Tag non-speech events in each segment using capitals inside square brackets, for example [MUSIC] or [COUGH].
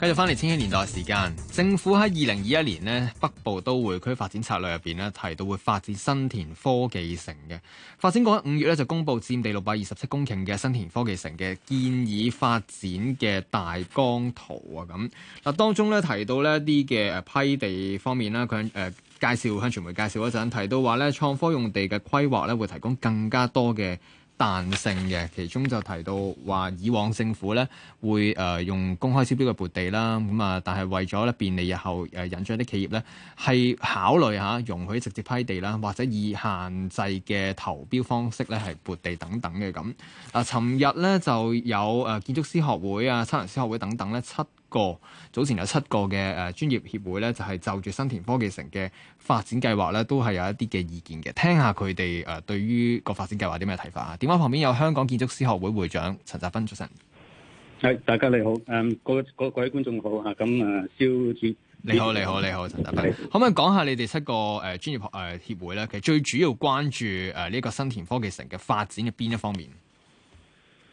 繼續翻嚟《千禧年代時間，政府喺二零二一年呢，北部都會區發展策略入邊呢，提到會發展新田科技城嘅。發展局喺五月呢就公布佔地六百二十七公頃嘅新田科技城嘅建議發展嘅大綱圖啊，咁，嗱，當中呢提到呢一啲嘅批地方面啦，佢誒、呃、介紹向傳媒介紹嗰陣提到話呢創科用地嘅規劃呢會提供更加多嘅。彈性嘅，其中就提到話以往政府咧會誒、呃、用公開招標嘅撥地啦，咁啊，但係為咗咧便利日後誒、呃、引進啲企業咧，係考慮吓容許直接批地啦，或者以限制嘅投標方式咧係撥地等等嘅咁。啊，尋日咧就有誒建築師學會啊、測量師學會等等咧七。個早前有七個嘅誒專業協會咧，就係就住新田科技城嘅發展計劃咧，都係有一啲嘅意見嘅。聽下佢哋誒對於個發展計劃有啲咩睇法啊？電話旁邊有香港建築師學會會長陳澤斌出聲。係，大家你好，誒，各各位觀眾好啊！咁啊，肖主，你好，你好，你好，陳澤斌，的可唔可以講下你哋七個誒專業誒協會咧？其實最主要關注誒呢個新田科技城嘅發展嘅邊一方面？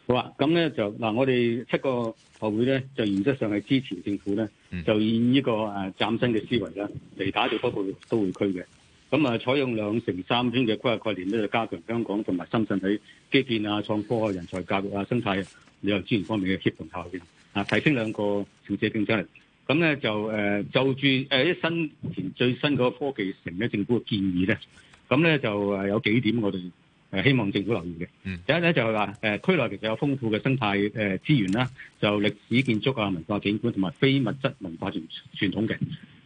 好啊，咁咧就嗱、啊，我哋七個學會咧就原則上係支持政府咧，就以呢、這個誒、啊、嶄新嘅思維呢嚟打造嗰個都會區嘅。咁啊，採用兩城三圈嘅規劃概念咧，就加強香港同埋深圳喺基建啊、創科啊、人才教育啊、生態啊、旅遊資源方面嘅協同效應啊，提升兩個城市競爭力。咁咧就誒、啊、就住誒一、啊、新田最新嗰個科技城嘅政府嘅建議咧，咁咧就、啊、有幾點我哋。誒希望政府留意嘅，第一咧就係話誒區內其實有豐富嘅生態誒、呃、資源啦，就歷史建築啊、文化景觀同埋非物質文化傳傳統嘅，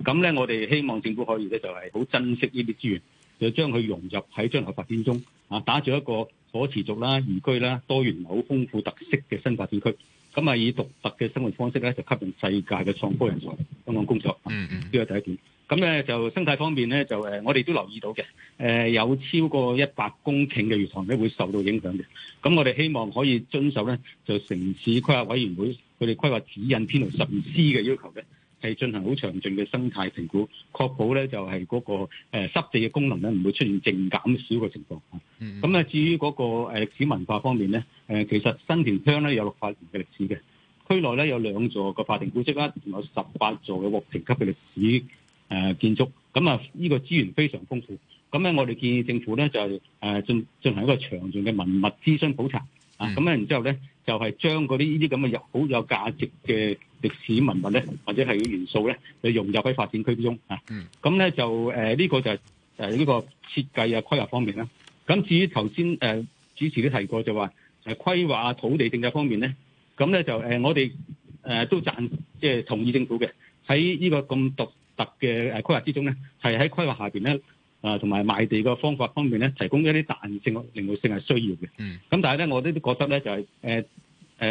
咁咧我哋希望政府可以咧就係、是、好珍惜呢啲資源，就將佢融入喺將來發展中，啊，打造一個可持續啦、宜居啦、多元好豐富特色嘅新發展區，咁啊以獨特嘅生活方式咧就吸引世界嘅創科人才香港工作。啊、嗯嗯，呢個第一點。咁咧就生態方面咧，就誒我哋都留意到嘅。誒、呃、有超過一百公頃嘅魚塘咧，會受到影響嘅。咁我哋希望可以遵守咧，就城市規劃委員會佢哋規劃指引編號十二 C 嘅要求嘅，係進行好詳盡嘅生態評估，確保咧就係、是、嗰、那個誒、呃、濕地嘅功能咧，唔會出現淨減少嘅情況。咁、嗯、至於嗰個歷歷史文化方面咧、呃，其實新田鄉咧有六百年嘅歷史嘅，區內咧有兩座嘅法定古蹟啦，仲有十八座嘅獲評級嘅歷史。誒建築咁啊！呢個資源非常豐富咁咧，我哋建議政府咧就誒進進行一個詳盡嘅文物諮詢普查、嗯、啊。咁咧然之後咧就係、是、將嗰啲呢啲咁嘅有好有價值嘅歷史文物咧，或者係元素咧，就融入喺發展區之中啊。咁咧、嗯、就誒呢、呃這個就係、是、呢、呃這個設計啊規劃方面啦。咁至於頭先誒主持都提過就話規劃啊土地政策方面咧，咁咧就誒、呃、我哋誒、呃、都讚即係、呃、同意政府嘅喺呢個咁獨。特嘅規劃之中咧，係喺規劃下面咧，同、呃、埋賣地嘅方法方面咧，提供一啲彈性、靈活性係需要嘅。咁、嗯、但係咧，我都覺得咧就係、是呃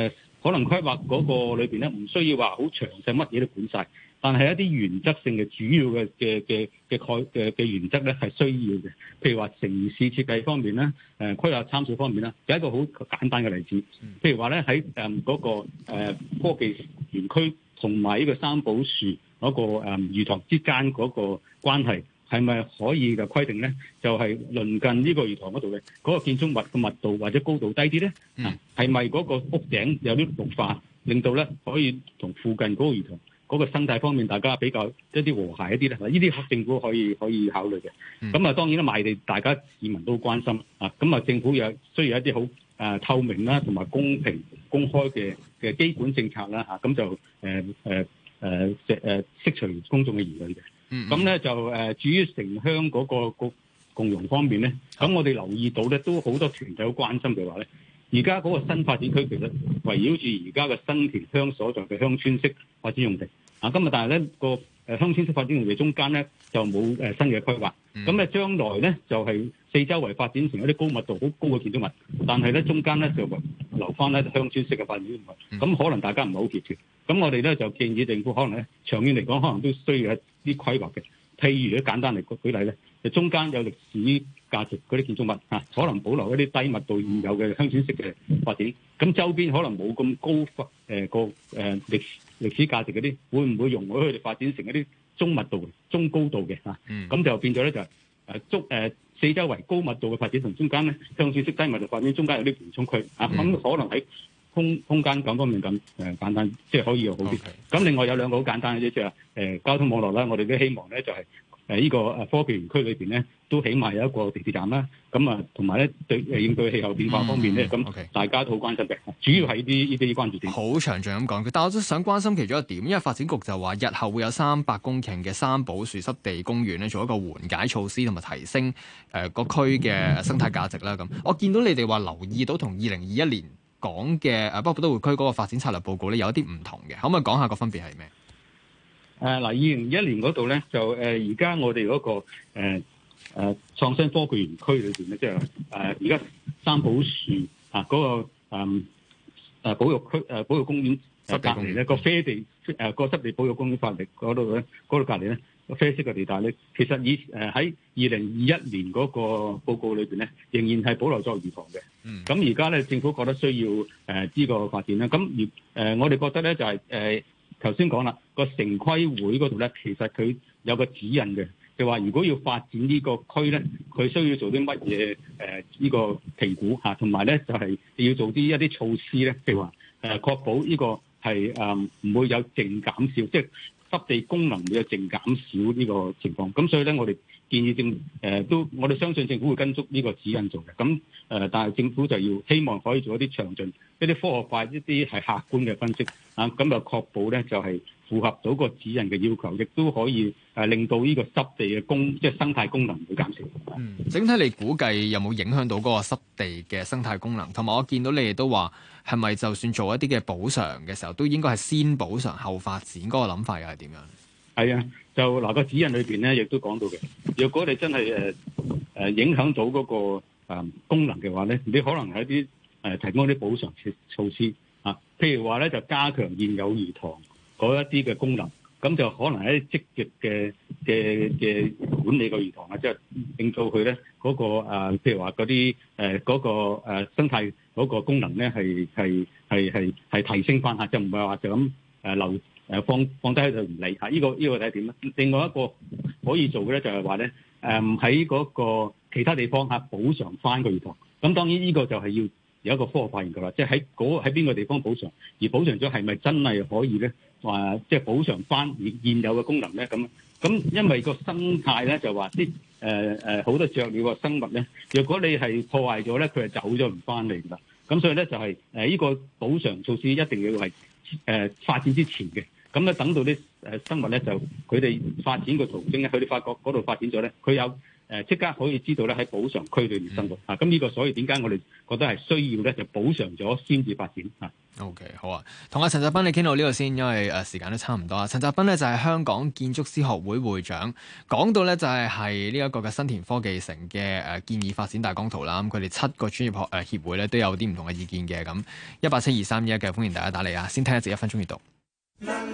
呃、可能規劃嗰個裏面咧，唔需要話好詳細乜嘢都管晒。但係一啲原則性嘅主要嘅嘅嘅嘅概嘅嘅原則咧係需要嘅。譬如話城市設計方面咧、呃，規劃參數方面呢，有一個好簡單嘅例子，譬、嗯、如話咧喺嗰個科、呃、技園區同埋呢個三寶樹。嗰、那個誒、嗯、魚塘之間嗰個關係係咪可以嘅規定咧？就係、是、鄰近呢個魚塘嗰度嘅嗰個建築物嘅密度或者高度低啲咧？嗯、啊，係咪嗰個屋頂有啲綠化，令到咧可以同附近嗰個魚塘嗰個生態方面大家比較一啲和諧一啲咧？嗱，呢啲政府可以可以考慮嘅。咁啊、嗯，當然啦，賣地大家市民都關心啊。咁、呃、啊，政府又需要一啲好誒透明啦，同埋公平公開嘅嘅基本政策啦、啊、嚇。咁、啊、就誒誒。呃呃誒誒釋除公眾嘅疑慮嘅，咁咧就，誒至於城鄉嗰個共融方面咧，咁我哋留意到咧，都好多團體好關心嘅話咧，而家嗰個新發展區其實圍繞住而家嘅新田鄉所在嘅鄉村式發展用地啊，今日但係咧個誒鄉村式發展用地中間咧就冇誒新嘅規劃，咁咧將來咧就係、是。四周圍發展成一啲高密度、好高嘅建築物，但係咧中間咧就留翻咧鄉村式嘅發展物，咁可能大家唔係好結住，咁我哋咧就建議政府可能咧長遠嚟講，可能都需要一啲規劃嘅。譬如咧簡單嚟舉例咧，就中間有歷史價值嗰啲建築物嚇、啊，可能保留一啲低密度現有嘅鄉村式嘅發展，咁周邊可能冇咁高誒個誒歷史歷史價值嗰啲，會唔會容許佢哋發展成一啲中密度、中高度嘅嚇？咁、啊嗯、就變咗咧就係誒中誒。呃四周圍高密度嘅發展同中間咧，相處式低密度發展中間有啲緩衝區啊，咁、嗯、可能喺空空間嗰方面咁誒、呃、簡單，即、就、係、是、可以好啲。咁 Okay. 另外有兩個好簡單嘅嘢，即係誒交通網絡啦，我哋都希望咧就係、是。誒呢個誒科技園區裏邊咧，都起碼有一個地鐵站啦。咁、嗯、啊，同埋咧對應對氣候變化方面咧，咁大家都好關心嘅。主要係呢啲呢啲關注點。好詳盡咁講，但我都想關心其中一點，因為發展局就話日後會有三百公頃嘅三寶樹濕地公園咧，做一個緩解措施同埋提升誒個區嘅生態價值啦。咁、嗯、 [LAUGHS] 我見到你哋話留意到同二零二一年講嘅誒北部都會區嗰個發展策略報告咧，有一啲唔同嘅，可唔可以講下個分別係咩？誒嗱，二零二一年嗰度咧，就而家、呃、我哋嗰、那個、呃呃、創新科技園區裏邊咧，即係而家三寶樹啊嗰、那個、嗯、保育區保育公園隔離咧，個啡地、呃、濕地保育公園範圍嗰度咧，嗰、那、度、個、隔離咧，啡色嘅地帶咧，其實以喺二零二一年嗰個報告裏邊咧，仍然係保留作魚塘嘅。嗯。咁而家咧，政府覺得需要呢、呃、個發展咧，咁而、呃、我哋覺得咧就係、是呃頭先講啦，個城規會嗰度咧，其實佢有個指引嘅，就話如果要發展呢個區咧，佢需要做啲乜嘢？呢、呃呢個評估嚇，同埋咧就係、係、要做啲一啲措施咧，譬如話確保呢個係誒唔會有淨減少，即係濕地功能會有淨減少呢個情況。咁所以咧，我哋。建議政誒都，我哋相信政府會跟足呢個指引做嘅。咁誒、呃，但係政府就要希望可以做一啲詳盡、一啲科學化、一啲係客觀嘅分析啊。咁就確保咧，就係、是、符合到個指引嘅要求，亦都可以誒、啊、令到呢個濕地嘅功，即係生態功能唔會減少。嗯。整體嚟估計有冇影響到嗰個濕地嘅生態功能？同埋我見到你哋都話，係咪就算做一啲嘅補償嘅時候，都應該係先補償後發展？嗰、那個諗法又係點樣？係啊，就嗱、那個指引裏邊咧，亦都講到嘅。如果你真係誒誒影響到嗰、那個、呃、功能嘅話咧，你可能係一啲誒、呃、提供啲補償措措施啊。譬如話咧，就加強現有魚塘嗰一啲嘅功能，咁就可能喺積極嘅嘅嘅管理個魚塘啊，即係令到佢咧嗰個、啊、譬如話嗰啲誒嗰個、啊、生態嗰個功能咧，係係係係係提升翻下，就唔係話就咁。誒留放放低喺度唔理嚇，依、啊這個依個睇點。另外一個可以做嘅咧，就係話咧誒喺嗰個其他地方下、啊、補償翻個魚塘。咁當然呢個就係要有一個科學化研究啦，即係喺喺邊個地方補償，而補償咗係咪真係可以咧？話即係補償翻現有嘅功能咧？咁咁因為個生態咧就話啲誒好多雀鳥啊生物咧，若果你係破壞咗咧，佢係走咗唔翻嚟㗎。咁所以咧就係誒依個補償措施一定要係。誒發展之前嘅，咁咧等到啲誒生物咧就佢哋發展個途徑咧，佢哋發覺嗰度發展咗咧，佢有。誒，即刻可以知道咧，喺補償區裏面生活吓，咁呢、嗯啊、個所以點解我哋覺得係需要咧，就補償咗先至發展吓。O、okay, K. 好啊，同阿陳澤斌你傾到呢度先，因為誒時間都差唔多啦。陳澤斌呢，就係、是、香港建築師學會會長，講到呢，就係係呢一個嘅新田科技城嘅誒建議發展大綱圖啦。咁佢哋七個專業學誒協會咧都有啲唔同嘅意見嘅。咁一八七二三一嘅，歡迎大家打嚟啊。先聽一集一分鐘閱讀。 [MUSIC]